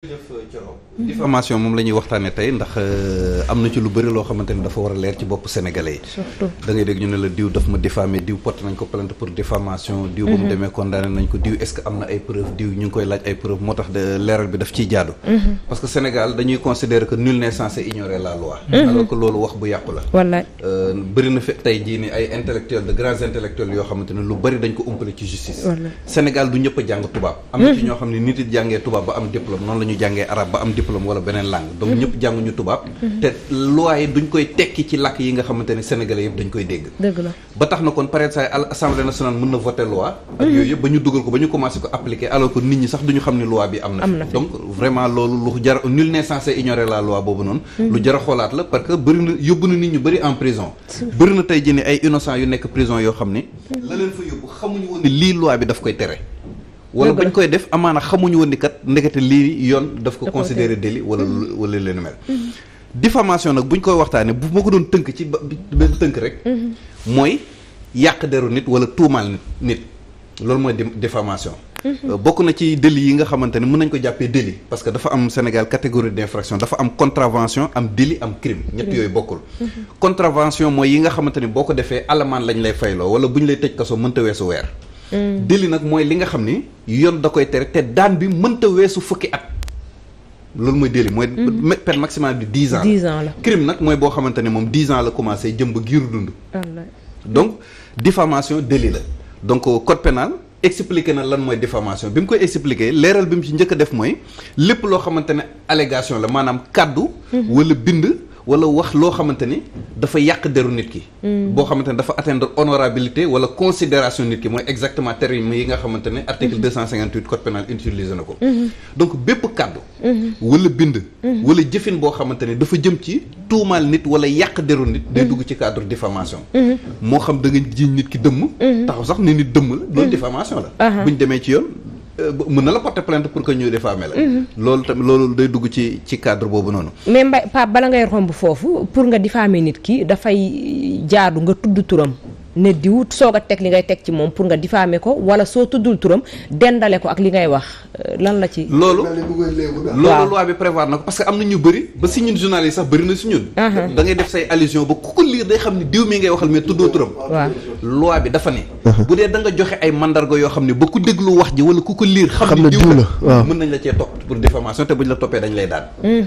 Euh, diffamation moom la ñuy tey ndax euh, am na ci lu bëri loo xamante dafa war a leer ci bopp sénégalais yi. surtout da ngay dégg ñu ne la diw daf ma diffamé diw porte nañ ko plainte pour diffamation diw ba mu mhm. demee condamné nañ ko diw est am na ay preuve diw ñu ngi koy laaj ay preuve moo tax leeral bi daf ciy jaadu. Mhm. parce que Sénégal dañuy considérer que nul n'est ignorer la loi. Mhm. alors que loolu wax bu yàqu la. wallaay euh, fi tey jii ni ay intellectuels de grands intellectuels yoo xamante a jàng tubaab. am na ñu jàngee arab ba am diplôme wala beneen langue donc ñëpp jànguñu tubaab te loi duñ koy tekki ci làkk yi nga xamante ne sénégalais dañ koy dégg ba tax na kon peut-être say nationale mën na voter loi mhm. yooyu yëpp ba ñu dugal ko ba ñu commencé ko appliquer alors que nit ñi sax duñu xam ne loi bi am na donc vraiment loolu lu jar nul n'est ignorer la loi boobu noonu mhm. lu jar a xoolaat la parce que bëri yóbbu na nit ñu bëri en prison bëri tey jii ni wala bañ koy def amaana xamuñu woon ni kat ndekete lii yoon daf ko considéré délit wala mm-hmm. wala leen mel mm-hmm. diffamation nag bu ñu koy waxtaanee bu ma ko doon tënk ci benn tënk rek mm-hmm. mooy yàq deru nit wala tuumaal nit loolu mooy diffamation euh, bokk na ci délit yi nga xamante ne mën nañ ko jàppee délit parce que dafa am Sénégal catégorie d'infraction dafa am contravention am délit am crime ñett yooyu bokkul contravention mooy yi nga xamante ni boo ko defee alamaan lañ lay fayloo wala bu ñu lay tëj mënta weesu weer Mm. délit nag mooy li nga xam ni yoon da koy tere te daan bi mënta weesu fukki at loolu mooy délit mooy mm. peine maximale bi dix ans dix ans la crime nag mooy boo xamante ne moom dix ans la commencé jëm ba giiru dund donc diffamation délit la donc code pénal expliqué na lan mooy diffamation bi mu koy expliqué leeral bi mu ci njëkk a def mooy lépp loo xamante ne allégation la maanaam kàddu mm-hmm. wala bind wala wax loo xamante ni dafa yàq deru nit ki. Mm. boo xamante ni dafa atteindre honorabilité wala considération nit ki mooy exactement terme yi nga xamante ne. article mm-hmm. deux cent cinquante huit code pénal utilisé na ko. Mm-hmm. donc bépp kàddu. Mm-hmm. wala bind. wala jëfin boo xamante ne dafa jëm ci tuumaal nit wala yàq deru nit. day dugg ci cadre diffamation. moo xam da nga jiiñ nit ki dëmm. taxaw sax ne nit dëmm la loolu diffamation la. Uh-huh. ñu demee ci yoon. Euh, mën na la porter plainte pour que ñu diffamé la. Mhm. loolu tamit loolu day dugg ci ci cadre boobu noonu. mais mbay Pape bala ngay romb foofu pour nga diffamé nit ki dafay jaadu nga tudd turam. ne diw soog a teg li ngay teg ci moom pour nga diffamer ko wala soo tuddul turam dendale ko ak li ngay wax euh, lan la ci. loolu loolu loi bi prévoir na ko parce que am na ñu bëri ba si ñun journaliste sax bëri na si ñun. da ngay def say allusion ba ku ko lire day xam ne diw mi ngay waxal mais tuddoo turam. waaw loi bi dafa ne. bu dee da nga joxe ay mandarga yoo xam ne ba ku déglu wax ji wala ku ko lire. xam ne diw la waaw mën nañ la cee topp pour diffamation te buñ la toppee dañ lay daan.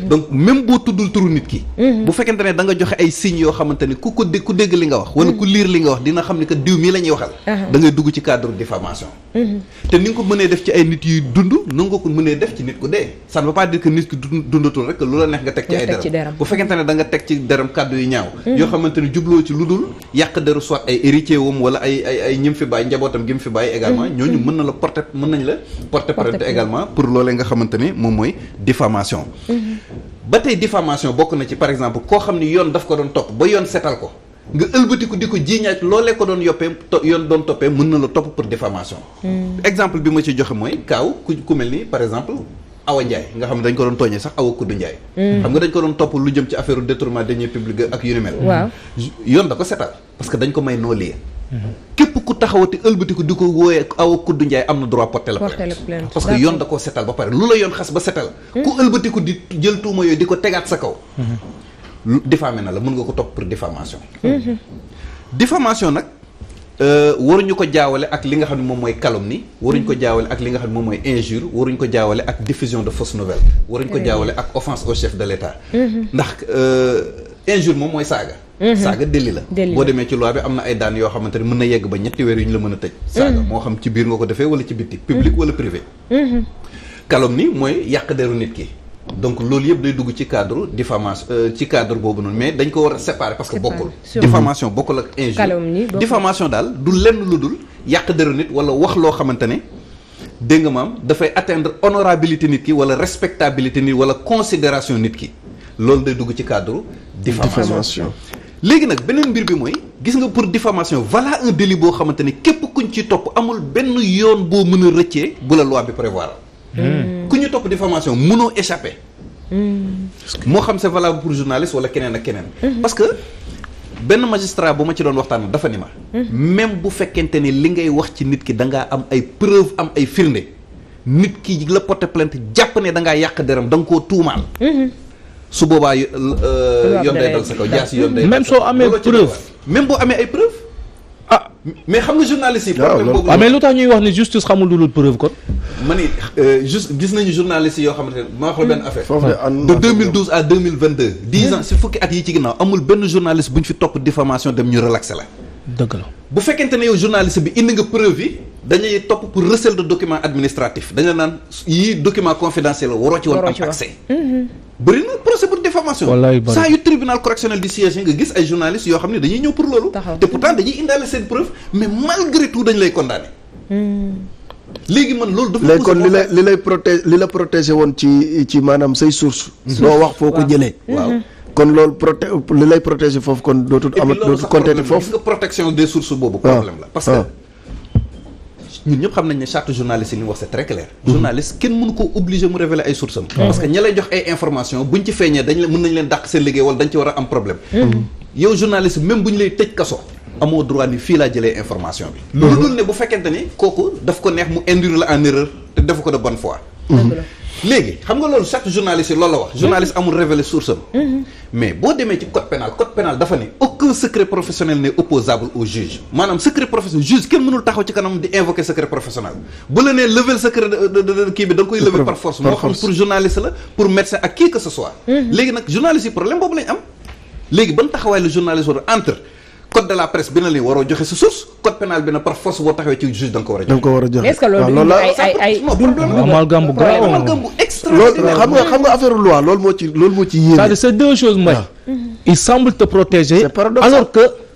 donc même boo tuddul turu nit ne da nga joxe ay signes yoo xamante ne ko dé ku dégg wax wala li nga wax dina xam ni que diw mii la waxal. Ah. da ngay dugg ci cadre diffamation. Mm-hmm. te ni nga ko mënee def ci ay nit yuy dund na nga ko mënee def ci ay deram bu fekkente ne da nga teg ci deram kàddu yu ñaaw. Mm-hmm. yoo xamante ne jubloo ci lu dul yàq deru soit ay héritier wam ay ñim fi bàyyi njabootam gi fi bàyyi. également mm-hmm. ñooñu mën na la porter mën nañ la. porter plainte également pour loolee nga xamante moom mooy diffamation. ba tey diffamation bokk na ci par exemple koo xam nga ëlbatiku di ko jiiñaat loolee ko doon yoppee yoon doon toppee mën na la topp pour diffamation hmm. exemple bi ma ci joxe mooy kaaw ku ku mel ni par exemple Awa Ndiaye nga xam ne dañ ko doon tooñee sax Awa Kuddu Ndiaye hmm. xam nga dañ ko doon topp lu jëm ci affaire détournement deniers publics ak yu ni mel yoon da ko setal parce que dañ ko may noo lii hmm. képp ku taxawati ëlbatiku di ko wooyee Awa Kuddu Ndiaye am na droit porter parce que yoon da koo setal ba pare diffamé na la mën nga ko topp pour diffamation mhm. diffamation nag euh, waruñu ko jaawale ak li nga xam ne moom mooy calomnie waruñu ko jaawale li nga xam ne moom mooy injure waruñu ko jaawale ak diffusion de fausse nouvelle waruñu ko jaawale ak offense au chef de l'État mhm. ndax euh, injure moom mooy saaga mhm. saaga déli la boo demee ci loi am na ay daan yoo xamante ne mën na yegg ba ñetti weer yu ñu la mën a tëj saaga moo xam ci biir nga ko defee wala ci bitti public wala privé calomnie mooy yàq deru nit ki donc loolu yëpp day dugg ci cadre diffamation euh, ci cadre boobu noonu mais dañ ko war a séparer parce que bokkul diffamation bokkul ak injure diffamation daal du lenn lu dul yàq dëru nit wala wax loo xamante ne dégg nga maam dafay atteindre honorabilité nit ki wala respectabilité nit wala considération nit ki loolu day dugg ci cadre diffamation léegi nag beneen mbir bi mooy gis nga pour diffamation voilà un délit boo xamante ne képp kuñ ci topp amul benn yoon boo mën a rëccee bu bi prévoir Hmm. ku ñu topp diffamation mënoo échapper. Hmm. moo xam c'est valable pour journaliste wala keneen ak keneen. Hmm. parce que benn magistrat bu ma ci doon waxtaan dafa ni ma. même bu fekkente ni li ngay wax ci nit ki da ngaa am ay preuve am ay firnde nit ki la porter plainte jàpp ne da ngaa yàq deram da ko koo tuumaal. su boobaa euh, yoon day dal sa kaw jaasi yoon day. même soo amee preuve même boo amee ay preuve ah mais xam nga journaliste yi. waaw ah, mais lu tax ñuy wax ni justice xamul lu dul preuve kon. ma ni euh, juste gis nañu journaliste yoo xamante ne maa xool benn hmm. affaire. de 2012 à 2022. 10 hmm. ans si fukki at yi ci ginnaaw amul benn journaliste bu ñu fi topp diffamation dem ñu relaxé la. dëgg la bu fekkente ne yow journaliste bi indi nga preuve yi. dañuy topp pour recel de document administratif dañu naan yii document confidentiel la woon am accès mhm. bëri na procès pour diffamation saa yu tribunal correctionnel du siège nga gis ay journalistes yoo xam ne dañuy ñëw pour loolu te pourtant dañuy indaale seen preuve mais malgré tout dañ lay condamné mhm. léegi man loolu dafa léegi kon li lay li lay protégé li la protégé woon ci ci maanaam say source mhm. loo wax foo ko jëlee waaw kon loolu proté li lay protégé foofu kon dootul amat dootul compté foofu nga protection des sources boobu ah. problème la parce ñun ñëpp xam nañ ne charte journaliste yi li mu wax c'est très clair mhm. journaliste kenn mënu ko obligé mu révéler ay sources parce que ña jox ay information buñ ci feeñee dañ la mën nañ leen dàq seen liggéey wala dañ ci war a am problème mhm. yow journaliste même bu ñu lay tëj kaso amoo droit ni fii laa jëlee information bi lu dul ne bu fekkente ni kooku daf ko neex mu induire la en erreur te defu ko de bonne foi mhm. léegi xam nga loolu chaque journaliste loolu la wax. journaliste amul révéler source am. mais boo demee ci code pénal code pénal dafa ne aucun secret professionnel n'est opposable au juge maanaam secret professionnel juge kenn mënul taxaw ci kanam di invoquer secret professionnel bu la nee lever secret kii bi da nga koy lever par force moo xam pour journaliste la pour médecin ak qui que ce soit. Mhm. léegi nag journaliste yi problème boobu lañ am léegi ban taxawaay la journaliste war entre code de la presse bi na li waroo joxe sa source code pénal bi na par force boo taxawee ci juge da nga a joxe. da nga joxe loolu moo ci yéene. cest c'est deux choses mooy. Ah. il semble te protéger. alors que.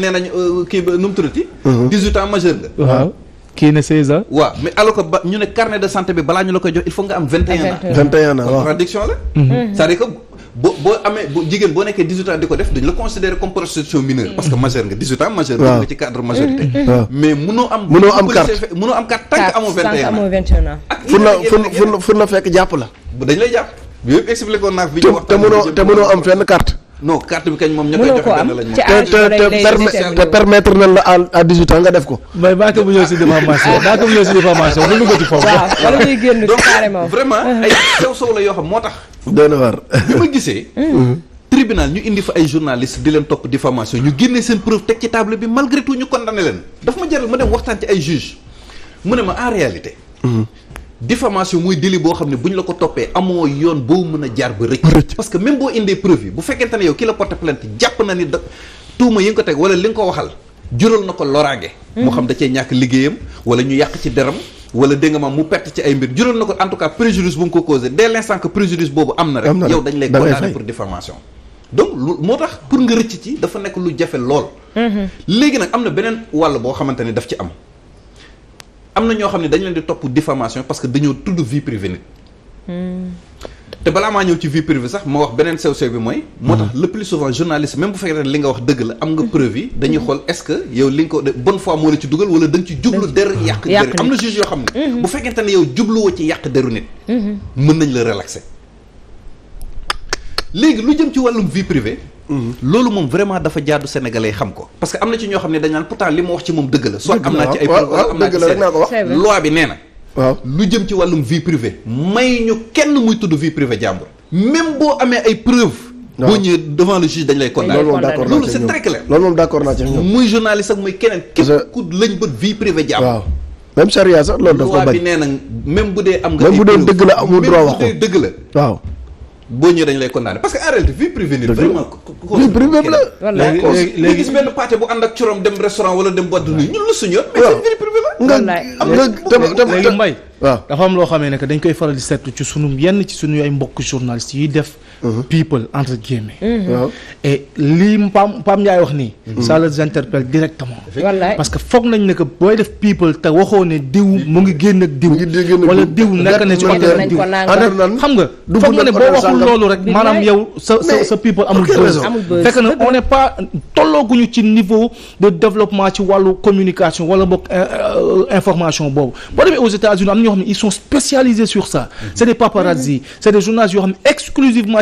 nee nañ euh, kii ba nu mu tuddati. 18 uh-huh. ans majeur nga. Uh-huh. waaw kii ne 16 ans. waaw mais alors que ba ñu ne carnet de santé bi balaa ñu la koy jox il faut nga am 21 ans. 21 ans waaw contradiction mm-hmm. Mm-hmm. boo boo di ko def dañu la considérer comme prostitution mineure. parce que mm-hmm. majeur nga 18 ans majeur. waaw nga ci cadre majorité. mais munoo am. munoo fekk jàpp la. dañ lay jàpp te munoo am fenn carte. non carte bi kañ moom ña koy joxe la à dix nga def ko. mais baata mu ñëw si diffamation baata mu ñëw si diffamation bu duggati foofu. waaw wala muy génn bi ma gisee. Hmm. ñu indi fa ay journaliste di leen topp diffamation ñu génnee seen preuve teg ci table bi malgré tout ñu condamné leen. daf ma jaral ma dem waxtaan ci ay juge mu ne ma en réalité. Hmm. diffamation muy délit boo xam ne bu ñu la ko toppee amoo yoon boo mën a jaar ba rëcc parce que même boo indee preuve yi bu fekkente ne yow ki la porté plainte jàpp na ni da tuuma yi nga ko teg wala li nga ko waxal jural na ko loraange hmm. moo xam da cee ñàkk liggéeyam wala ñu yàq ci deram wala dégg nga mu perte ci ay mbir jural na ko en tout cas préjudice bu nga ko causé dès l' instant que préjudice boobu am na rek yow dañ lay condamné pour diffamation donc moo ci dafa nekk lu jafe lool hmm. léegi nag am na beneen wàll boo xamante ne daf ci am am na ñoo xam ne dañu leen di topp diffamation parce que dañoo tudd vie privée nit hmm. te balaa maa ñëw ci vie privée sax moo wax beneen sew sew bi mooy. moo tax hmm. le plus souvent journaliste même bu fekkee li nga wax dëgg la am nga hmm. preuve yi. dañuy xool est que yow li nga ko bonne foi moo la ci dugal wala dañ nga ci jublu der yàq deru am na juge yoo xam ne. bu fekkente ne yow jubluwoo ci yàq deru nit. mën nañ la relaxer léegi lu jëm ci wàllum vie privée. loolu moom vraiment dafa jaadu sénégalais xam ko parce que am na ci ñoo xam ne dañ naan pourtant li mu wax ci moom dëgg la soit am naa ci ay am loi bi nee na waaw lu jëm ci wàllum vie privée may ñu kenn muy tudd vie privée jàmbur même boo amee ay preuve boo ñëwee devant le juge dañ lay condamné loolu moom d'accord loolu c'est très clair loolu moom d'accord naa ci ñoom muy journaliste ak muy keneen képp ku lañ bët vie privée jàmm même charia sax loolu daf ko loi bi nee na même bu dee am nga même bu dee dëgg la amul droit wax dëgg la waaw boo ñëwee dañu lay condamné parce que en réalité vie privée nii vraiment vie privée la léegi gis benn pàcc bu ànd ak corom dem restaurant wala dem boîte de nuit ñun la suñu yoon mais vie privée la nga am na léegi mbay waaw dafa am loo xamee ne que dañ koy faral di seetlu ci sunu yenn ci sunu ay mbokk journalistes yuy def people entre guillemets. Mm-hmm. et lii Pam Pam Ndiaye wax nii. Mm-hmm. ça les interpelle directement. parce que foog nañ ne que booy def people te waxoo ne diw mu ngi génn ak diw. wala diw nekk na ci hôtel ak diw. xam na foog nga ne boo waxul loolu rek maanaam yow sa sa sa people amul buzz. fekk na on n'est pas tollooguñu ci niveau de développement ci wallu communication wala boog euh, euh, information boobu boo demee aux États-Unis am na ñoo xam ne ils sont spécialisés sur ça. Mm-hmm. c'est des paparazzi c'est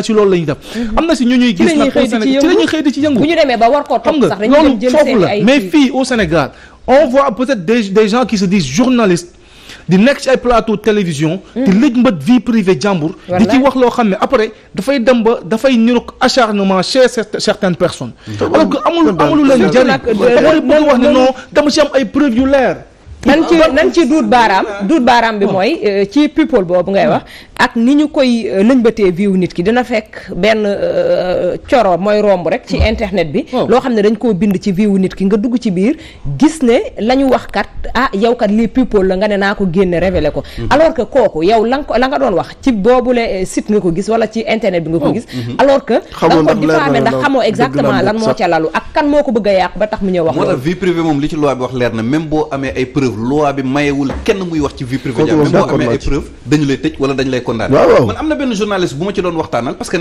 si loolu la ñuy def mhm. am na si ñu ñuy gis la ñuy xëy mais fii au Sénégal on voit peut des gens qui se disent journalistes di nekk ay plateau télévision. Mhm. di lëj vie privée jàmbur. di ci wax loo xam ne après dafay dem ba dafay niroog acharnement chez certaines personnes. alors que amul amulu leen jariñ. surtout ci am ay preuves yu leer. nan ci ci duut baaraam ah. duut baaraam bi ah. mooy euh, ci people boobu ngay wax ah. ak ni ñu koy euh, lëñbatee viwu nit ki dina fekk benn euh, coro mooy romb rek ci internet bi oh. loo xam ne dañ koo bind ci viwu nit ki nga dugg ci biir gis ne la ñu wax kat ah yow kat lii people la nga ne naa ko génne révélé ko mm-hmm. alors que kooku yow la nga la doon wax ci boobule site nga ko gis wala ci internet bi nga ko oh. gis mm-hmm. alors que da ko diffamé ndax xamoo exactement lan moo ca lalu ak kan moo a yàq na même boo amee preuve bi mayewul kenn muy wax ci vie privée dañu lay tëj wala dañu lay condamné man am na benn journaliste bu ma ci doon waxtaanal parce que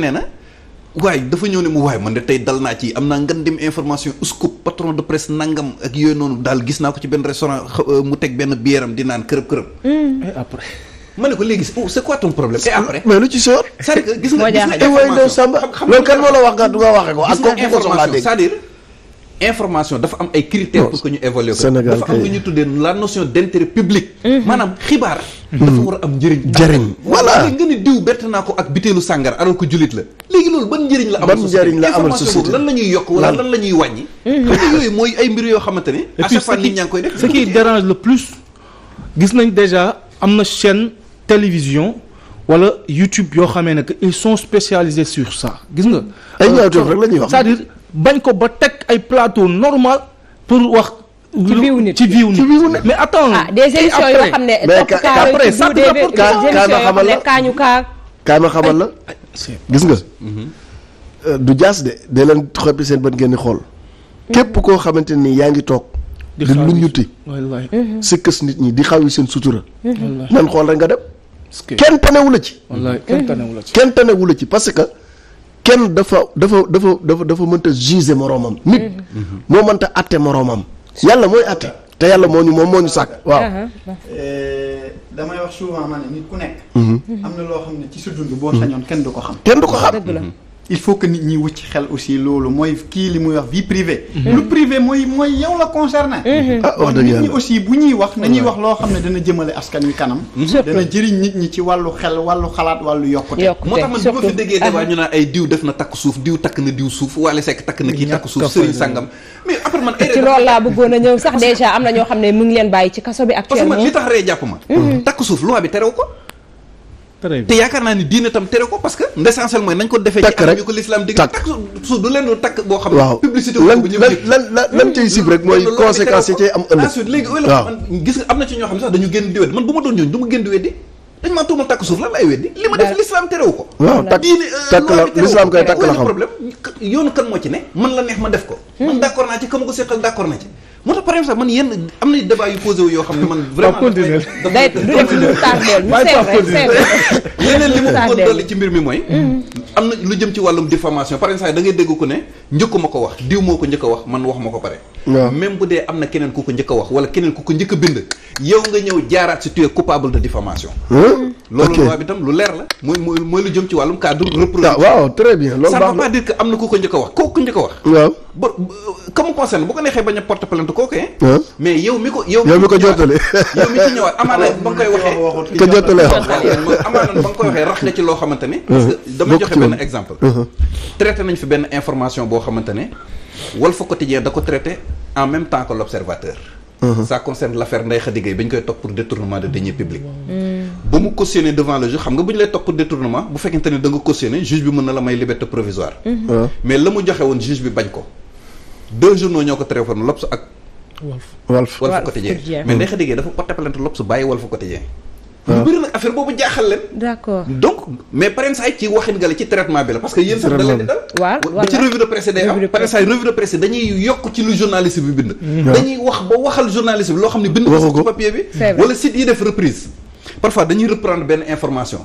waaye dafa ñëw ne mu waaye man de tey dal naa ci am naa ngan dem information scoop patron de presse nangam ak yooyu daal gis naa ko ci benn restaurant euh, mu teg benn biiram di naan kërëb kërëb hmm. après ne ko léegi c'est quoi ton problème et après mais lu ci sóor c'est-à-dire gis nga gis nga eh, information loolu information dafa am ay critères pour que ñu évaluer ko dafa am lu ñu tuddee la notion d'intérêt public mhm. maanaam xibaar mhm. dafa war a am njëriñ jëriñ voilà nga ni diw bett naa ko ak biteelu sàngara alors que jullit la léegi loolu ba njëriñ la amal njëriñ la amal société lan la ñuy yokk wala lan la wàññi mhm. mooy ay mbir yoo xamante ne à chaque nit ñaa ngi koy def ce qui dérange le plus gis nañ déjà am na chaîne télévision wala YouTube yoo xamee ne que ils sont spécialisés sur ça gis nga ay ñaawteef euh, rek la ñuy wax cest bañ ko ba teg ay plateau normal pour wax. ci viwu nit ci viwu nit mais attends. ah des émissions yoo xam ne. mais après ça te rapporte kaay ma la kaañu kaa. kaay ma xamal la gis nga. Mhm. Euh, du jaas de day leen xoppi seen bët ngeen di xool. képp mhm. koo xamante nii yaa ngi toog. di xaw yuti si kës nit ñi di xaw yi seen sutura. Mhm. nan xool rek nga dem. kenn tanewu la ci. kenn tanewu la ci. parce que. kenn dafa dafa dafa dafa dafa mënta juger moroomam nit mhm. moo mënta atte moroomam yàlla mooy atte te yàlla moo ñu moom moo ñu sàkk waaw uh-huh. eh, damay wax souvent ma ne nit ku nekk mhm. am na loo xam ne ci sa dund boo sañoon kenn du ko xam kenn du ko xam il faut que nit ñi ci xel aussi loolu mooy kii li muy wax vie privée. Mhm. lu privé mooy mooy yow la concerné. Mhm. ah wax nit ñi bu ñuy wax nañuy wax loo xam ne dana jëmale askan wi kanam. Mhm. dana jëriñ nit ñi ci wàllu xel wàllu xalaat wàllu yokkute. yokkute moo tax man bu ah. ay diw def na takk suuf diw takk na diw suuf Wally sekk takk na kii takk suuf Serigne Sangam. mais après man ci loolu laa bëggoon a ñëw am na ñoo xam ne mu ngi leen bàyyi ci kaso bi actuellement parce que man li tax ree jàpp ma. takk suuf loi bi terew ko te yaakaar naa ni diine tam tere ko parce que l'essentiel mooy nañ ko defee ci anam yu ko l'islam dig takk su du leen du takk boo xam ne publicité lan lan lan cay sib rek mooy am ëllëg ensuite léegi ëllëg gis nga am na ci euh, la kan moo ci ne man la neex ma def ko man hmm. d'accord naa ci kam ko seqal d'accord na ci moo tax par exemple man yenn am na débat yu posé wu yoo xam ne man. vraiment continué day du def lu tardé mu seet rek seet rek leneen li ma bëggoon dolli ci mbir mi mooy. Mm. am na lu jëm ci wàllum diffamation par exemple da ngay dégg ko ne njëkku ma ko wax diw moo ko njëkk wax man wax ma ko pare. même bu dee am na keneen ku ko njëkk a wax wala keneen ku ko njëkk a bind yow nga ñëw jaaraat si tu es coupable de diffamation loolu loi bi tam lu leer la mooy mooy mooy lu jëm ci wàllum cadre ah, reproductif waaw très bien loolu ça ne veut pas ko njëkk a ko njëkk a ba comme concerne ko neexee bañ mi ko yow mi ko jottali yow mi ci ñëwaat amaana ba nga koy waxee ko jottale amaana ba nga koy waxee rax nga ci loo xamante ne dama joxe benn exemple traité nañ fi benn information boo xamante ne Walf Quotidien da ko traité en même temps que l'Observateur uh-huh. ça concerne l'affaire Ndeye Khady Gueye ñu koy topp pour détournement de deniers publics mm. ba mu cautionné devant le juge xam nga bu ñu lay topp pour détournement bu fekkente ne da nga cautionné juge bi mën na la may liberté provisoire mm-hmm. uh-huh. mais la mu joxe woon juge bi bañ ko deux journaux ñoo ko transformé L'Obs ak Walf Walf Quotidien mais Ndeye Khady dafa porté plainte L'Obs bàyyi Walf Quotidien Ah. lu bëri nag affaire boobu jaaxal leen. d'accord donc mais pareen saay ci waxin nga la ci traitement bi la parce que yéen sax da leen dal. waaw ba ci revue de presse day saay revue de presse dañuy yokk ci lu journaliste bi bind. Mm-hmm. dañuy wax ba waxal journaliste bi loo xam ne bind. waxu ko papier bi. wala site yi def reprise. parfois dañuy reprendre benn information.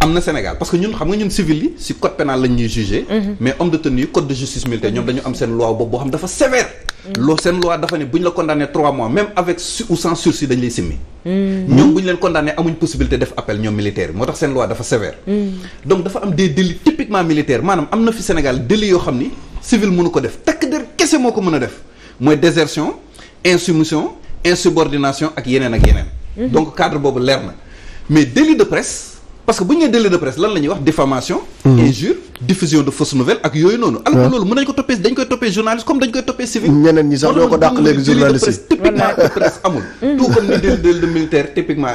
am na Sénégal parce que ñun xam nga ñun civil yi ci code pénal lañ ñuy jugé. Mhm. mais homme de tenue code de justice militaire ñoom dañu am seen loi boobu boo xam dafa sévère. Mhm. loo seen loi dafa ne bu ñu la condamné trois mois même avec ou sans sursis dañ lay simmi. Mhm. ñoom bu ñu leen condamné amuñ possibilité def appel ñoom militaire moo tax seen loi dafa sévère. donc dafa am des délits typiquement militaires maanaam am na fi Sénégal délits yoo ko def takk der kese moo ko mën a def mooy désertion insoumission insubordination ak yeneen ak leer na mais délit de parce que bu ñu nee délai de presse lan la ñuy wax diffamation mmh. injure diffusion de fausses nouvelles ak yooyu noonu alors que loolu mën nañ ko toppee dañ koy toppee journaliste comme dañ koy toppee civil ñeneen ñi de presse amul mmh. tout comme ni dél de militaire typiquement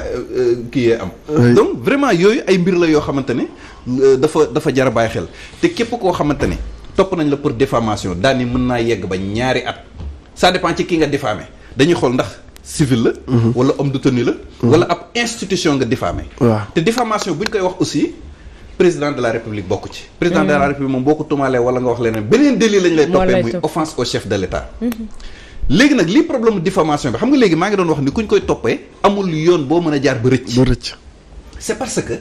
kii euh, euh, yee am donc vraiment yooyu ay mbir la yoo xamante ne euh, dafa dafa jar a bàyyi xel te képp koo xamante ne topp nañ la pour diffamation daani mën naa yegg ba ñaari at sa dépend ci ki nga diffamé dañuy xool ndax civil la. Mhm. wala homme de tenue la. Mhm. wala ab institution nga diffamé. te diffamation bu ñu koy wax aussi président de la république bokk ci. président de la mhm. république moom boo ko tumaalee wala nga wax leneen beneen délit lañ lay toppee muy offense au chef de l' léegi nag lii problème diffamation bi xam nga léegi maa ngi doon wax ni ku ñu koy toppee amul yoon boo mën a jaar ba rëcc. ba rëcc parce que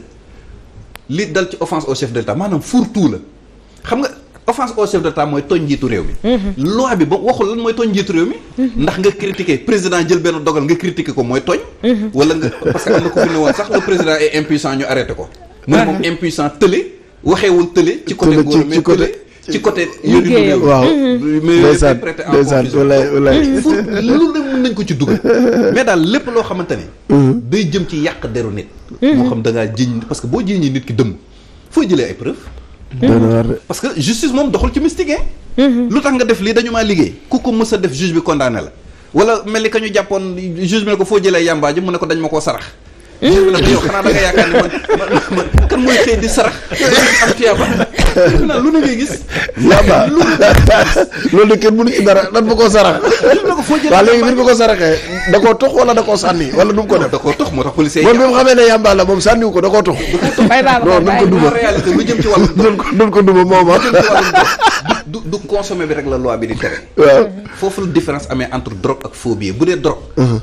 li dal ci offense au chef de l' état maanaam fourre la offense au chef d'état mooy tooñ njiitu réew mi mhm. loi bi ba waxul lan mooy tooñ njiitu réew mi mhm. ndax nga critiquer président jël benn dogal nga critiquer ko mooy tooñ mhm. wala nga parce que am na ko fi ne woon sax le président est ñu arrêté ko mu ne moom ah. impuissant tële waxeewul tële ci côté góor nañ ko ci dugal mais daal lépp loo xamante ne day jëm ci yàq deru nit moo xam da ngaa jiñ parce que boo jiñee nit ki dëmm foo jëlee ay preuve Hmm. parce que justice moom doxul ci mystique hmm. lu tax nga def lii dañu maa liggéey ku ko mës a def juge bi condamné la wala mel ni ka ñu jàppoon juge bi ne ko foo jëlee yàmbaa ji mu ne ko dañ ma koo sarax hmm. juge bi ne ko yow xanaa da nga yaakaar ne kan mooy xëy di sarax am tuyaaba lu ne ngay gis. yàlla loolu de kenn mënu ci dara nan ma koo sarax. waaw léegi biir ma ko saraxee da koo tux wala da koo sànni wala nu mu ko def. da koo tux moo tax moom bi mu xamee ne yàmba la moom sànniwu ko da koo tux. non duñ ko duma ah. lu ko duma mooma du du consommé bi rek la loi bi di tere. waaw foofu la différence amee entre drogue ak phobie bu dee drogue. Uh-huh.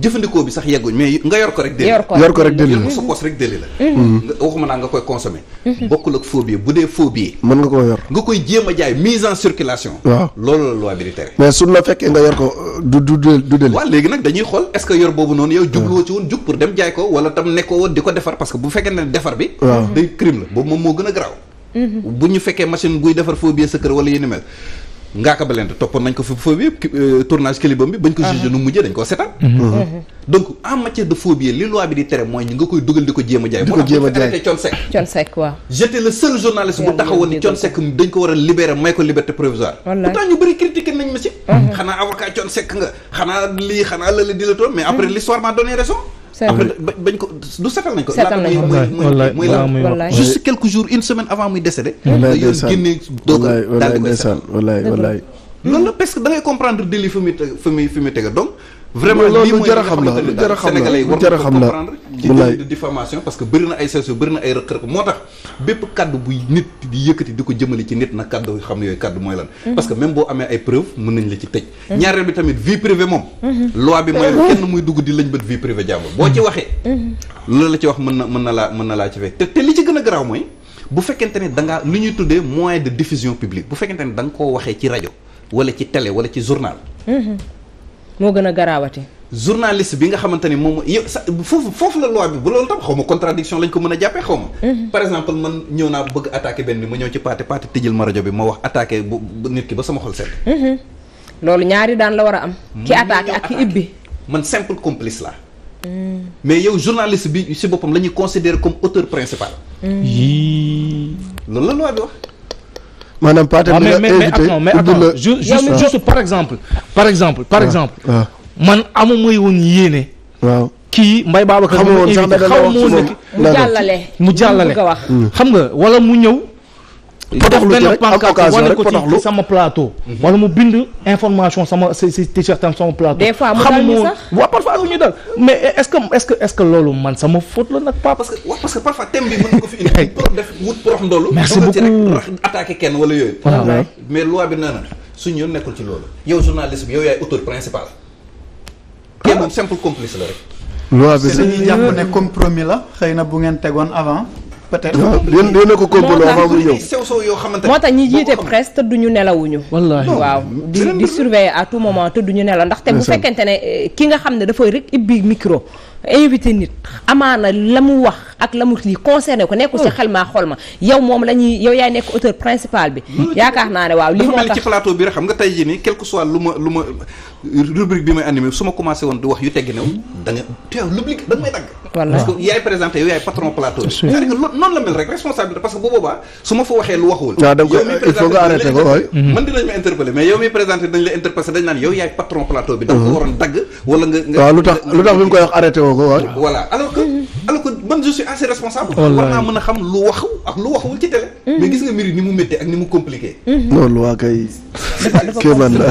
jëfandikoo bi sax yegguñ mais nga yor ko rek délli yor ko rek délli la mm-hmm. Mm-hmm. Mm-hmm. waxuma naa nga koy consommer bokkul ak phobie bu dee phobie mën nga koo yor nga koy jéem a jaay mise en circulation waaw loolu la loi bi di tere mais la fekkee nga yor ko du du du délli léegi nag dañuy xool est-ce que yor boobu noonu yow jubluwoo ci woon jug pour dem jaay ko wala tam nekkoo woon di ko defar parce que bu fekkee ne defar bi day crime la boobu moom moo gën a garaaw bu ñu fekkee machine guy defar phobie sa kër wala yéen mel Ngaaka Blindé toppoon nañ ko fi phobie euh, tournage kilibam bi bañ ko jugé nu mujjee dañ koo seetaan mhm. Mhm. Mhm. donc en matière de phobie li loi bi di tere mooy ñu nga koy dugal di ko jéem a jaay moo tax arrêté Thione Seck Thione Seck waaw j'étais le bu taxawoon ni Thione dañ ko war a libérer may ko liberté provisoire pourtant ñu bëri critiqué nañ ma si xanaa avocat Thione nga xanaa lii xanaa lële di la toon mais après l'histoire m'a donné raison bañ ko du seetal nañ ko seetal nañ ko muy la juste quelques jours une semaine avant muy décédé la yoon génne doo ko daal koy seetal wallaay wallaay loolu la parce que da ngay comprendre délit fi muy fi muy fi muy tege donc vraiment lii mooy jar a xam la lu a xam la sénégalais yi na comprendre ci parce que bëri ay sesio bëri na ay rëq-rëq moo nit yëkkati di ko jëmale ci nit nag kaddu xam yooyu kaddu mooy lan mhm. parce que même boo amee ay preuve mën nañ la ci tëj mhm. ñaareel bi moom mhm. loi bi mooy muy dugg di lañ bët vie privée jàmbur boo ci waxee loolu la ci wax mën na mën na laa mën na laa ci te li ci gën garaaw mooy bu fekkente ne da ngaa ñuy tuddee moyen de diffusion publique bu fekkente ne da ko waxee ci rajo wala ci télé wala ci journal moo gën a garaawati journaliste bi nga xamante ni moom yow sa foofu foofu la loi bi bu loolu tam xaw ma contradiction lañ ko mën a jàppee xaw ma mhm. par exemple man ñëw naa bëgg attaqué benn bi ma ñëw ci paate paate tijjal ma rajo bi ma wax attaqué bu nit ki ba sama xol set mhm. loolu ñaari daan la war a am ki attaqué ak ki ibbi man simple complice la mhm. mais yow journaliste bi si boppam lañuy ñuy considéré comme auteur principal yii loolu la loi bi wax maanaam Pathé mi nga invité mais attends juste par exemple. par exemple par ah, exemple. Ah. man amu may woon yéene. waaw kii Mbaye Babacar. xamu woon sax mu jàllale mu jàllale. xam nga wala mu ñëw. potaxlu ci rek ak occasion rek potaxlu ci sama plateau. wala mu bind information sama si si t-shirt am sama plateau. des fois mu dal ñu sax xam waaw parfois ñu dal mais est-ce que est-ce que est-ce que loolu man sama faute la nag pas. parce que parce que parfois thème bi mën nga ko fi indi. def wut prox ndolu. merci beaucoup doon ci rek attaqué kenn wala yooyu. mais loi bi nee na suñu yoon nekkul ci loolu. yow journaliste bi yow yaay auteur principal. kenn ah. simple complice la rek. loi bi dañuy jàpp ne euh, compromis la xëy na bu ngeen tegoon avant. peut ah, ko complot yoo xamante moo tax ñi jiite presse tëdd ñu nelawuñu wallaahi waaw di di surveiller à tout moment tëdd ñu nelaw te bu fekkente ne eh, ki nga xam ne dafay rek ibbi micro invité nit amaana la mu wax ak la mu lii concerné ko nekkul ci oh. xel maa xol ma yow moom la ñuy yow yaay nekk auteur principal bi yaakaar naa ne waaw lii moo tax plateau bi rek nga tey jii nii quel soit lu ma lu ma rubrique bi may animé su ma commencé woon di wax yu teggi new da nga yaay présenté yow yaay patron plateau bi noonu la mel rek responsabilité parce que bu boobaa su ma fa waxee lu waxul yow mi présenté mais yow mi présenté dañ la interpellé dañ naan yow yaay patron plateau bi da ko mhm. waroon dagg wala nga nga waaw lu tax lu tax bi mu koy wax arrêté woo ko waay voilà alors que alors que man je suis assez responsable war naa mën a xam lu waxu mhm. nga mbir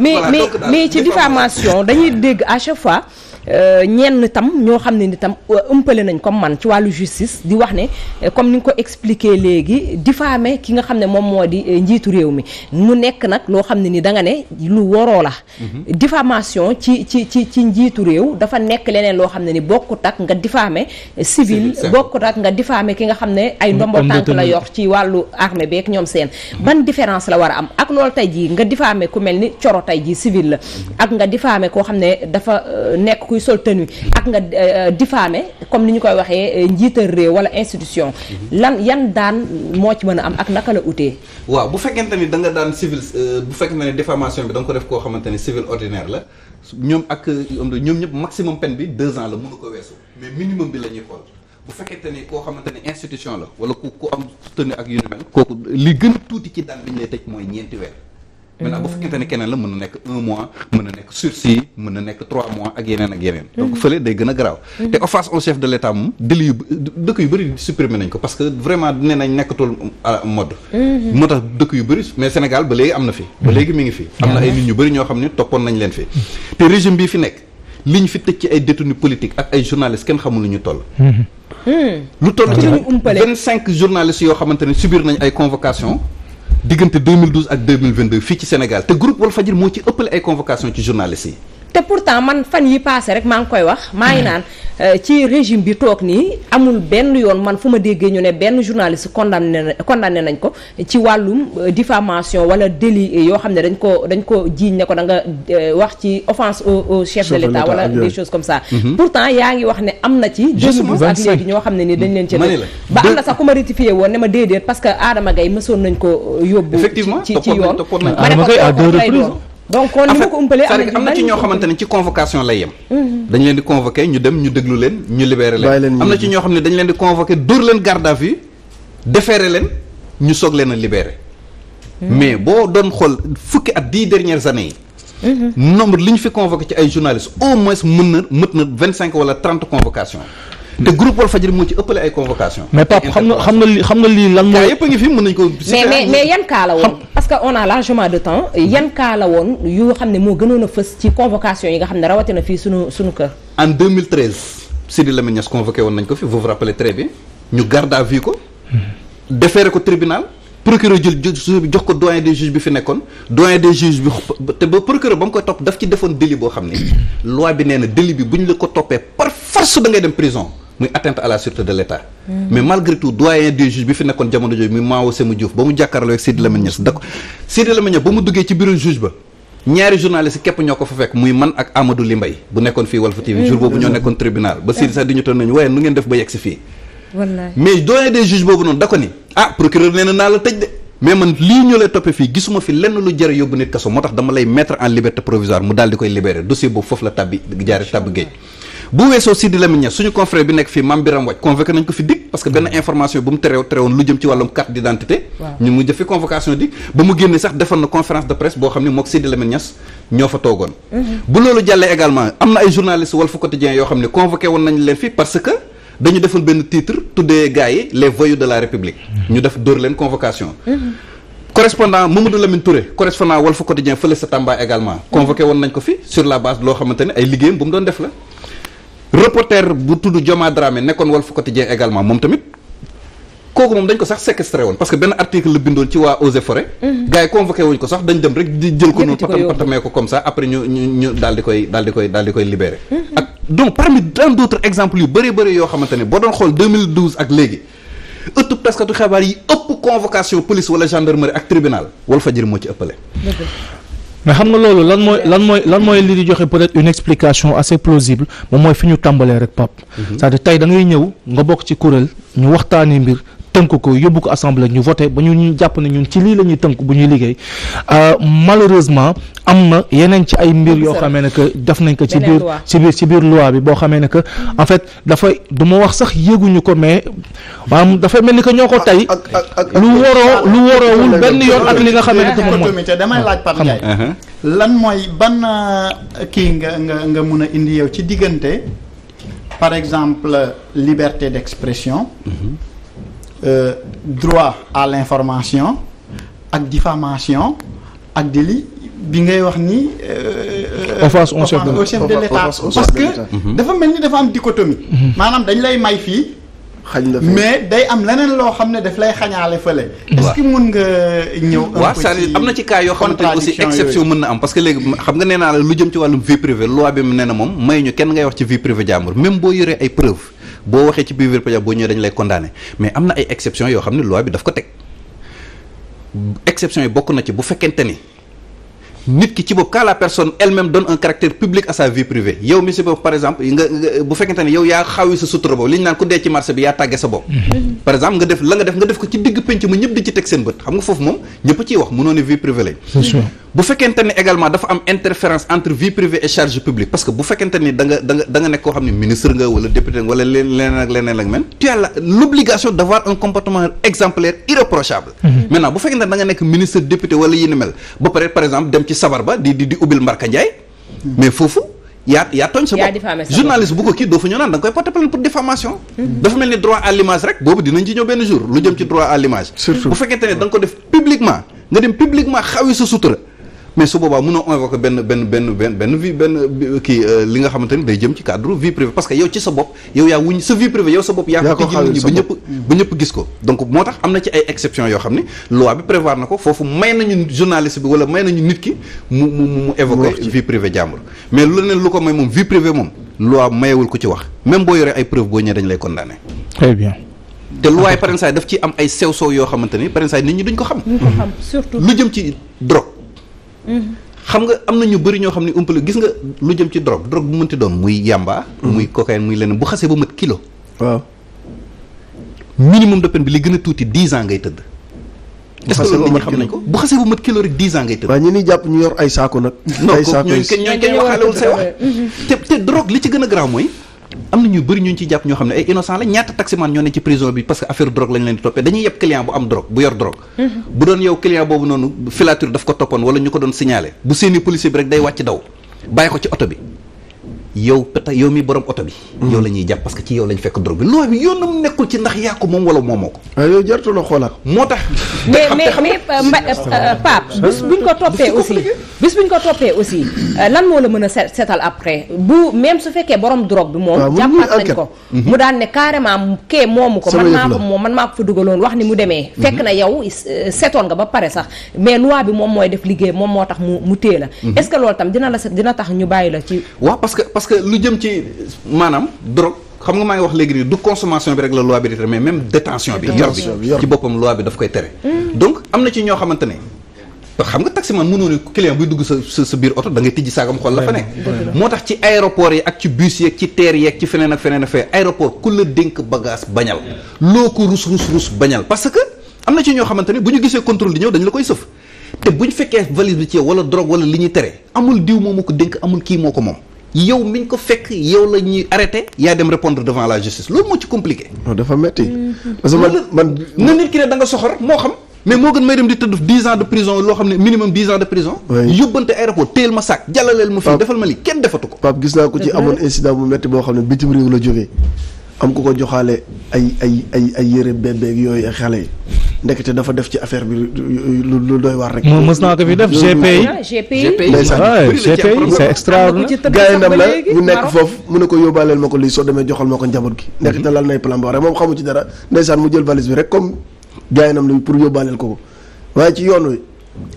mais mais mais ci diffamation dañuy dégg à chaque fois Euh, ñenn tam ñoo xam ne ni tam euh, ëmpale nañ comme man ci wàllu justice di wax ne euh, comme ni nga ko expliquer léegi diffamé ki nga xam ne moom moo di njiitu réew mi mu nekk nag loo xam ne ni da nga ne lu waroo la mhm. diffamation ci ci ci ci njiitu réew dafa nekk leneen loo xam ne ni bokkut ak nga diffamé civil bokkut ak nga diffamé ki nga xam ne ay ndombo tànk la yor ci wàllu armée beeg ñoom seen mhm. ban différence la war a am ak loolu tey jii nga diffamé ku mel ni coro tey jii civil la mhm. ak nga diffamé koo xam ne dafa nekk kuy sol tenue ak nga euh, euh, diffamer comme ni ñu koy waxee euh, njiital réew wala institution mhm. lan yan daan moo ci mën a am ak naka la utee waaw bu fekkente ni da nga daan civil bu fekkente ni diffamation bi da nga ko def koo xamante ni civil ordinaire la ñoom ak ñoom ñëpp maximum peine bi deux ans la mënu ko weesu mais minimum bi la ñuy xool bu fekkente ni koo xamante ni institution la wala ku ku am tenue ak yu kooku li gën tuuti ci daan bi ñu lay tëj mooy ñeenti weer maintenant bu fekkente ne keneen la mën na nekk un mois mën na nekk sursis mën na nekk trois mois ak yeneen ak yeneen donc fële day gën a garaaw mhm. te offense au chef de l' moom délit dëkk yu bëri supprimer nañ ko parce que vraiment nee nañ nekkatul mode mhm. moo tax dëkk yu bëri mais Sénégal ba léegi am na fi ba mhm. léegi mi ngi fi am na ay nit ñu bëri ñoo xam ne toppoon nañ leen fi te régime bii fi nekk liñ fi tëj ci ay détenus politiques ak ay journalistes kenn xamul ñu toll lu toll ci vingt cinq journalistes yoo xamante ne subir nañ ay convocation diggante 2012 ak 2022 fii ci Sénégal te groupe Walfadjri moo ci ëppale ay convocation ci journalistes yi te pourtant man fan yi passé rek maa ngi koy wax maa ngi naan euh, ci régime bi toog nii amul benn yoon man fu ma déggee ñu ne benn journaliste condamné na condamné nañ ko ci wàllum euh, diffamation wala délit yoo xam ne dañ ko dañ ko jiiñ ne ko da nga euh, wax ci offense au au chef de l'état wala mhm. yaa ngi wax ne am na ci 2012 ak léegi ñoo xam ne nii leen ci ba am na sax ku ma ne ma déedéet parce que Adama Gaye mësoon nañ ko yóbbu effectivement ci yoon ma ne ko donc kon ni ma am na ci ñoo xamante ne ci convocation lay yem. Mm-hmm. dañ leen di convoqué ñu dem ñu déglu leen ñu libéré leen. am na ci ñoo xam ne dañ leen di convoqué dóor leen garde à vue déféré leen ñu soog leen a libéré. Mm-hmm. mais boo doon xool fukki at di dernières années yi. Mm-hmm. nombre li ñu fi convoqué ci ay journalistes au moins mën na mët na vingt cinq wala trente convocation te groupe Walfadjri moo ci ëppale ay convocation mais Pape xam nga xam nga lii lan mooy yëpp a ngi fi mën nañ ko mais mais mais yan kaa la woon parce que on a largement de temps yan kaa mhm. la woon yu xam ne moo gënoon a fës ci convocation yi nga xam ne rawatina fii suñu suñu kër en 2013 Sidi Lamine Niass convoqué woon nañ ko fi vous vous rappelez très bien ñu garde à vue ko mhm. déféré ko tribunal procureur jël jox ko doyen des juges bi fi nekkoon doyen des juges bi te ba topp daf ci defoon délit boo xam ne mhm. loi bi nee na délit bi bu ñu la ko toppee par force da ngay dem prison muy atteinte à la sûreté de l' état. mais malgré tout doyen des juges bi fi nekkoon jamono jooju muy Maawo Sémou Diouf ba mu jàkkaarloo ak Sidi Lamine Niass da ko Sidi Lamine Niass ba mu duggee ci bureau juge ba. ñaari journaliste képp ñoo ko fa fekk muy man ak Amadou Limbay bu nekkoon fii Walf TV jour boobu ñoo nekkoon tribunal ba Sidi sax di ñu toon nañu waaye nu ngeen def ba yegg si fii mais doyen des juges boobu noonu da ko ni ah procureur nee na naa la tëj de mais man lii ñu lay toppee fii gisuma fi lenn lu jëre yóbbu nit kaso moo tax dama lay mettre en liberté provisoire mu daal di koy libérer dossier boobu foofu la tabbi jaare tabbi géej bu weesoo Sidi Lamine Niass suñu confrère bi nekk fii Mame Biram Waj convoqué nañ ko fi dig parce que benn mm. information bu mu terew terewoon lu jëm ci wàllum carte d'identité ñu mu jëfe convocation dig ba mu génnee sax defoon na conférence de presse boo xam ne mook Sidi Lamine Niass ñoo fa toogoon mm-hmm. bu loolu jàllee également am na ay journalistes Walf Quotidien yoo xam ne convoqué woon nañ leen fi parce que dañu defoon benn titre tuddee gars yi les voyous de la république mm-hmm. ñu def dóor leen convocation mm-hmm. correspondant loo xamante ne ay liggéeyam bu mu la reporter bu tudd Joma Dramé nekkoon Walf Quotidien également moom tamit kooku moom dañ ko sax séquestré woon parce que benn article la bindoon ci waa Eaux et Forêts. Mhm. gars yi convoqué ko sax dañ dem rek di jël ko noonu patam patamee ko comme ça après ñu ñu ñu di koy daal di koy daal di koy libéré. Mhm. ak donc parmi tant d'autres exemples yu bëree bëri yoo xamante ne boo doon xool 2012 ak léegi ëttub taskatu xabaar yi ëpp convocation police wala gendarmerie ak tribunal Walfadjri moo ci ëppale. mais xam nga loolu lan mooy lan mooy lan mooy li di joxe peut-être une explication assez plausible moom mooy fi ñu tàmbalee rek Pape. Mhm. c'est-à-dire tey da ñëw nga bokk ci kuréel ñu waxtaanee mbir tënk ko yóbbu ko assemblée ñu voté ba ñu ñu jàpp ne ñun ci lii la ñuy tënk bu ñuy liggéey euh, malheureusement am na yeneen ci ay mbir yoo xamee ne que def nañ ko ci biir ci biir ci biir loi bi boo xamee ne que en fait dafay du ma wax sax yéguñu ko mais maanaam dafay mel ni que ñoo ko tey lu waroo lu waroowul benn yoon ak li nga xamee ne que moom mooy damay laaj Pape Ndiaye uh-huh. lan mooy ban euh, kii nga nga nga mun a indi yow ci diggante par exemple liberté d'expression uh-huh. euh, droit à l'information ak diffamation ak délit bi ngay wax ni. Euh, offense au chef de l'État parce que mhm. dafa mel ni dafa am dichotomie. Mhm. maanaam dañ lay may fii. mais day am leneen loo xam ne daf lay xañaale fële. est-ce que mën nga ñëw. am na ci cas yoo xamante ne aussi exception mën na am parce que léegi xam nga nee naa la lu jëm ci wàllum vie privée loi bi mu nee moom may ñu kenn ngay wax ci vie privée jàmbur même boo yoree ay preuves. boo waxee ci biir pédia boo ñëwee dañu lay condamné mais am na ay exceptions yoo xam ne loi bi daf ko teg exception yi bokk na ci bu fekkente ni nit ki ci bopp quand la personne elle-même donne un caractère public à sa vie privée yow mi par exemple bu fekkente ne yow yaa xawi sa sutura boobu li naan ku dee ci marché bi yaa tàgge sa bopp mm-hmm. par exemple nga def la nga def nga def ko ci digg penc ma ñëpp di ci teg seen bët xam nga foofu moom bu fekkente ni également dafa am interférence entre vie privée et charge publique parce que bu fekkente ni da nga da nga da nga nekk koo xam ne ministre nga wala député nga wala leneen ak leneen ak men tu as la l'obligation d'avoir un comportement exemplaire irréprochable mhm. maintenant bu fekkente da nga nekk ministre député wala yi ni mel ba pare par exemple dem ci sabar ba di di di ubbil mbarka njaay mhm. mais foofu yaa yaa tooñ sa bopp journaliste bu ko kii doo fa ñëw mhm. dinañ ci ñëw benn jour lu jëm ci droit à l'image bu fekkente ne da nga ko def publiquement nga dem publiquement xawi sa sutura mais su boobaa mënoo invoquer benn benn benn benn benn vie benn kii euh, li nga xamante ni day jëm ci cadre vie privée parce que yow ci sa bopp yow yaa wuñ sa vie privée yow sa bopp yaa ko tëjee nit ñëpp ba ñëpp gis ko donc moo tax am na ci ay exception yoo xam ne loi bi prévoir na ko foofu may nañu journaliste bi nit ki mu mu mu évoquer vie privée jàmbur mais lu neen lu ko may moom vie privée ko ci wax même boo yoree ay preuve boo ñëwee dañ lay condamné très bien te am ay sew-sew yoo xamante ni parrain nit ñi ko xam surtout lu jëm ci drogue xam nga am na ñu bëri ñoo xam ne umpale gis nga lu jëm ci drogue drogue bu mënti doon muy yàmba muy cocaïne muy leneen bu xasee ba mat kilo waaw minimum de bi li gën a tuuti dix ans ngay tëdd est ce que loolu xam nañ ko bu xasee bu mat kilo rek dix ans ngay tëdd waaw ñi ni jàpp ñu yor ay saako nag ay saako ñooñu kenn waxaalewul say wax te te drogue li ci gën a garaaw mooy am na ñu bëri ñu ci jàpp ñoo xam ne ay innocent la ñaata taximan ñoo ne ci prison bi parce que affaire drogue lañ leen di toppee dañuy yeb client bu am drogue bu yor drogue. Mhm. bu doon yow client boobu noonu filature daf ko toppoon wala ñu ko doon signaler bu seeni policier bi rek day wàcc daw bàyyi ko ci oto bi yow peut yow mi borom oto bi. Hmm. yow la ñuy jàpp parce que ci yow lañ fekk drogue bi loi bi yoonam nekkul ci ndax yaa ko moom wala moomoo ko. Ah, moo tax. mais mais mais euh, euh, euh, Pape bis ko toppee aussi bis buñ ko toppee aussi lan moo la mën a setal après bu même su fekkee borom drogue bi moom. Ah, jàppaat nañ ko mhm. mu daan ne carrément kee moomu ko. man maa ko man maa fa dugaloon wax ni mu demee. Mhm. fekk na yow setoon nga ba pare sax mais loi bi moom mooy def liggéey moom moo tax mu mu téye la. Mhm. est-ce que loolu tam dina la set dina tax ñu bàyyi la ci. waaw parce parce que lu jëm ci maanaam drogue xam nga maa ngi wax léegi nii du consommation bi rek la loi bi di tere mais même détention bi yor bi ci boppam loi bi daf koy tere mm. donc am na ci ñoo xamante ne xam nga taximan mënoo oto da ngay tijji saagam xool la fa nekk moo tax ci aéroport yi ak ci feneen ak feneen ak fee aéroport ku la dénk bagage bañal loo parce que am na ci ñoo xamante ne bu ñu gisee contrôle di ñëw dañ la koy sëf te bu ñu fekkee valise bi ci yow wala drogue wala li ñuy tere amul diw moo ma ko dénk amul kii moo ko moom yow miñ ko fekk yow la ñuy arrêté yaa dem répondre devant la justice loolu moo ci compliqué. non dafa metti mhm. parce que man man. na nit ki ne da soxor moo xam. mais moo gën may dem di tëdd dix ans de prison loo xam ne minimum dix ans de prison. yóbbante aéroport téyel ma saak jàllaleel ma defal ma lii kenn defatu ko. Pape gis naa ko ci amoon incident bu metti boo ne bitim réew la jógee am ko ko joxaale ay ay ay ay yëre bébé yooyu ay xale yi. ndekete dafa def ci affaire bi lu lu doy waar rek. moom mës naa ko fi def GPI. GPI waaw GPI c'est extraordinaire. gaa yi ndam la ñu nekk foofu mu ne ko yóbbaaleel ma ko lii soo demee joxal ma ko njaboot gi. ndekete lal nay plan boo rek moom xamu ci dara ndeysaan mu jël valise bi rek comme gaa yi ndam la pour yóbbaaleel ko ko waaye ci yoon wi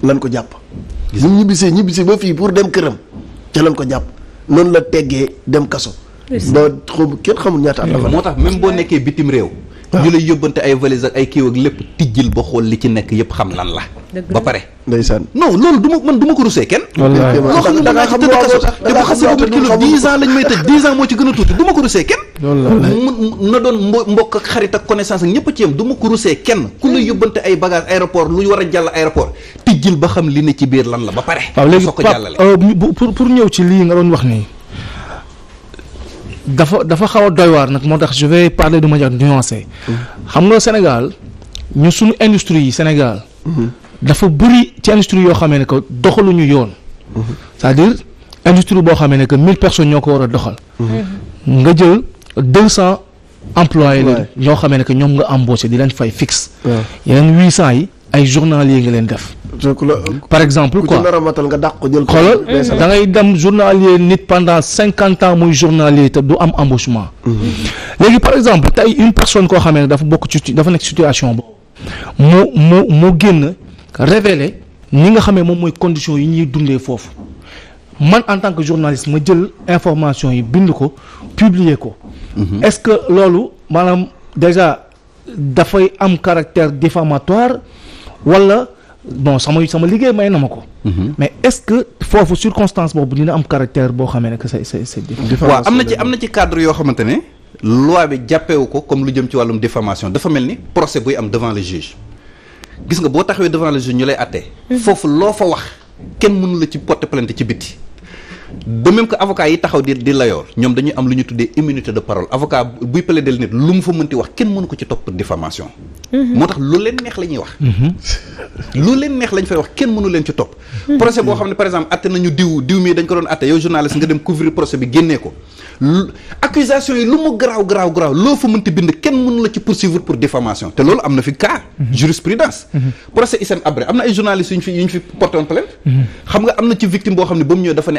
lan ko jàpp. gis ñibbisee ñibbisee ba fii pour dem këram ca lan ko jàpp noonu la teggee dem kaso. ba xaw kenn xamul ñaata at la moo tax même boo nekkee bitim réew ñu lay yóbbante ay valise ak ay kiiw ak lépp tijjil ba xool li ci nekk yëpp xam lan la ba pare ndeysaan non loolu du ma man du ma ko rusee kenn loo ba a tuuti du ma ko rusee mu na doon mbo mbokk xarit ak connaissance ak ñëpp ci yam du ko rusee kenn ku la yóbbante ay bagage aéroport lu war a jàll aéroport tijjil ba xam li ne ci biir lan la ba pare waaw léegi soog ko jàllale euh, pour ñëw ci lii nga doon wax nii dafa dafa xaw a nag moo tax je vais parler de manière nuancée. xam nga Sénégal ñu suñu industrie yi Sénégal. dafa bëri ci industrie yoo xamee ne que doxaluñu yoon. c'est-à-dire industrie boo xamee ne que mille personnes ñoo ko war a doxal. nga jël deux cent employés. waaw ñoo xamee ne que ñoom nga embauché di leen fay fixe. yeneen huit cent yi. ay journalier nga leen def. par exemple quoi xoolal da ngay dem journalier nit pendant cinquante ans muy journalier te du am embauchement. Mhm. léegi par exemple tey une personne koo xamee ne dafa bokk ci dafa nekk situation boobu mu mu génn révéler ni nga xamee moom mooy condition yi ñuy dundee foofu man en tant que journaliste ma jël information yi bind ko publier ko. Mhm. est-ce que loolu maanaam déjà dafay am caractère diffamatoire. wala bon sama sama liggéey may na ma ko. Mhm. mais est-ce que foofu circonstance boobu dina am caractère boo xamee ne que c'est c'est c'est waaw am na ci am na ci cadre yoo xamante ne. loi bi jàppewu ko comme lu jëm ci wàllum diffamation dafa mel ni procès buy am devant le juge gis nga boo taxawee devant le juge ñu lay àtte. Mhm. foofu loo fa wax kenn mënu la ci porter plante ci biti. de même que avocat yi taxaw di di layoor ñoom dañuy am lu ñu tuddee immunité de parole avocat buy plaider nit lu mu fa mënti wax kenn mënu ko ci topp diffamation mhm. moo tax lu leen neex la wax mhm. lu leen neex lañ fay wax kenn mënu leen ci topp mhm. procès boo xam ne par exemple atte nañu diw diw mii dañ ko doon atte yow journaliste nga dem couvrir procès bi génnee ko accusation yi lu mu garaaw garaaw garaaw loo fa mënti bind kenn mënu ci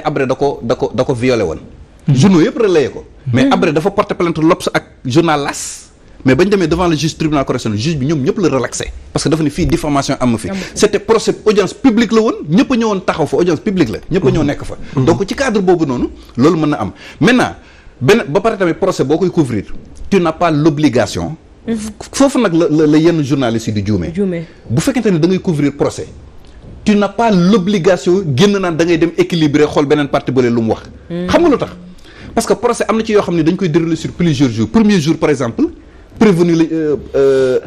pour ko da ko da ko violé woon. journaux yëpp relayé ko. mais hmm. après dafa porter plainte L'Obs ak journal L'As mais bañ demee devant le juge tribunal correctionnel juge bi ñoom ñëpp la relaxé parce que dafa ne fii diffamation am fi c'était procès audience publique la woon ñëpp ñëwoon taxaw fa audience publique la ñëpp ñëw hmm. nekk fa hmm. donc ci cadre boobu noonu loolu mën na am maintenant ba pare tamit procès boo koy couvrir tu n'as pas l'obligation foofu nag la la yenn tu n'as pas l'obligation génn naan da ngay dem équilibrer xool beneen parti bële lu mu wax. Hmm. xam nga lu tax parce que procès am na ci yoo xam ne dañ koy dérouler sur plusieurs jours premier jour par exemple euh, euh,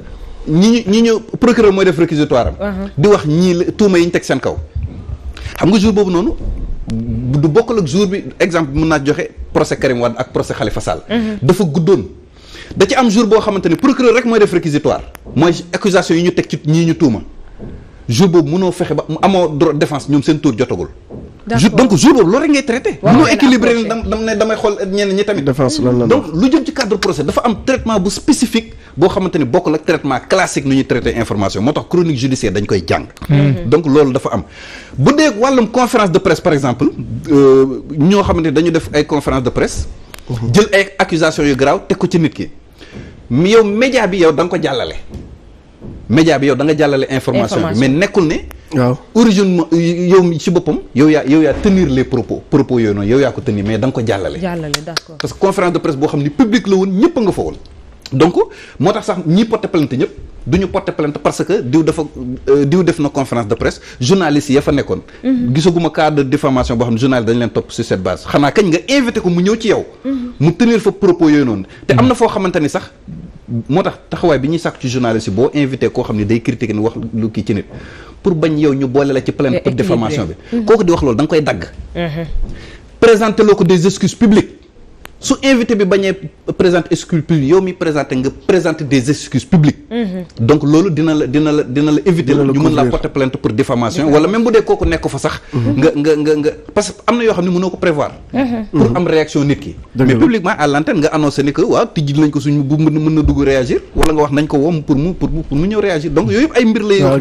ñi ñu ñi ñu procureur mooy def réquisitoire am. Uh-huh. di wax ñii la tuuma yi ñu teg seen kaw. xam nga jour boobu noonu du bokkal ak jour bi exemple mun naa joxe procès Karim Wade ak procès Khalifa Sall. Uh-huh. dafa guddoon. da ci am jour boo xamante ne procureur rek mooy def réquisitoire mooy accusation yi ñu teg ci ñii ñu tuuma. jour boobu mënoo fexe ba mu amoo droit défense ñoom seen tour jotagul. donc jour boobu loolu rek ngay traité. waaw mënoo équilibré ne dam ne damay xool ñenn ñi tamit. défense lan la donc lu jëm ci cadre procès dafa am traitement bu spécifique boo xamante ni bokkul ak traitement classique nu ñuy traité information moo tax chronique judiciaire dañ koy jàng. Mhm. donc loolu dafa am. bu dee wàllum conférence de presse par exemple euh, ñoo xamante ni dañu def ay conférence de presse. Mhm. jël ay accusations yu garaaw teg ko ci nit ki. yow média bi yow da nga ko jàllale. média bi yow da jàllale information bi mais nekkul ne waaw origine yow ci boppam yow yaa tenir les propos propos yooyu noonu yow yaa ko tenir mais da ko jàllale parce que conférence de presse boo xam ne public la woon ñëpp a nga fa woon donc moo tax sax ñi porté plainte ñëpp du ñu porté parce que diw dafa euh, diw def na conférence de presse journaliste ya fa nekkoon mhm. gisaguma cas de boo xam ne journaliste dañ leen topp sur moo tax taxawaay bi ñuy sàkk ci journaliste boo invité koo xam ne day critiquer ni wax lu kii ci nit pour bañ yow ñu boole la ci plainte pour diffamation bi mm-hmm. kooku di wax loolu da nga koy dagg mm-hmm. présenté loo ko des excuses publiques su invité bi bañee présenter excuse publique yow mi présenté nga présenter des excuses publiques mhm. donc loolu dina la dina la dina la éviter la ñu mën la porter plainte pour diffamation wala même bu dee kooku nekk fa sax mhm. nga nga nga nga parce am na yoo xam ne mënoo ko prévoir mhm. pour am réaction nit ki mais publiquement à l'antenne nga annoncé ni que waaw tijji nañ ko suñu bu mën na dugg mu mu mu ñëw réagir donc yooyu yëpp ay mbir la yoo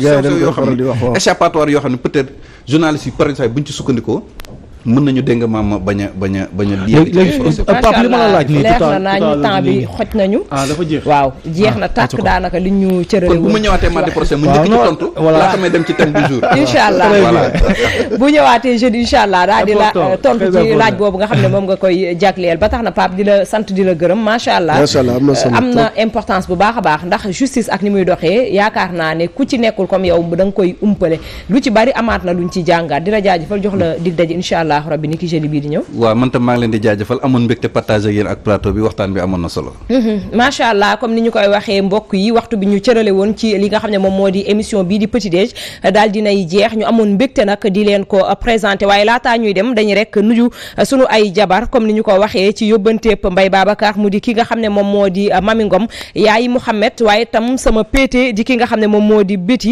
yoo xam ne peut mun nañu dégg nga maam bañ a bañ a bañ a. léegi Pape li la laaj na nañu temps bi xoj nañu. Ah, waaw jeex ah, na tàkk daanaka liñ ñu cërale kon bu ma ñëwaatee mardi prochain mu njëkk ci tontu. voilà laata ñëwaatee jeudi incha allah di la euh, tontu laaj boobu nga xam ne moom nga koy jagleel ba tax na Pape di la sant di la gërëm macha allah. macha allah euh, am na importance bu baax a baax ndax justice ak ni muy doxee yaakaar naa ne ku ci nekkul comme yow da nga koy umpale lu ci bari amaat na ñu ci jàngaat di la jaajëfal jox la dig daje incha allah allah rabbi ni ki jeudi bii di ñëw waaw man tam maa ngi leen di jaajëfal amoon mbégte partage ak ak plateau bi waxtaan bi amoon na solo mhm, macha allah comme ni ñu koy waxee mbokk yi waxtu bi ñu cërale ci li nga xam ne moom moo di émission bii di petit déj daal dinay jeex ñu amoon mbégte nag di leen ko présenté waaye laataa ñuy dem dañu rek nuyu sunu ay jabar comme ni ñu ko waxee ci yóbbanteep Mbay Babacar mu di ki nga xam ne moom moo di Mami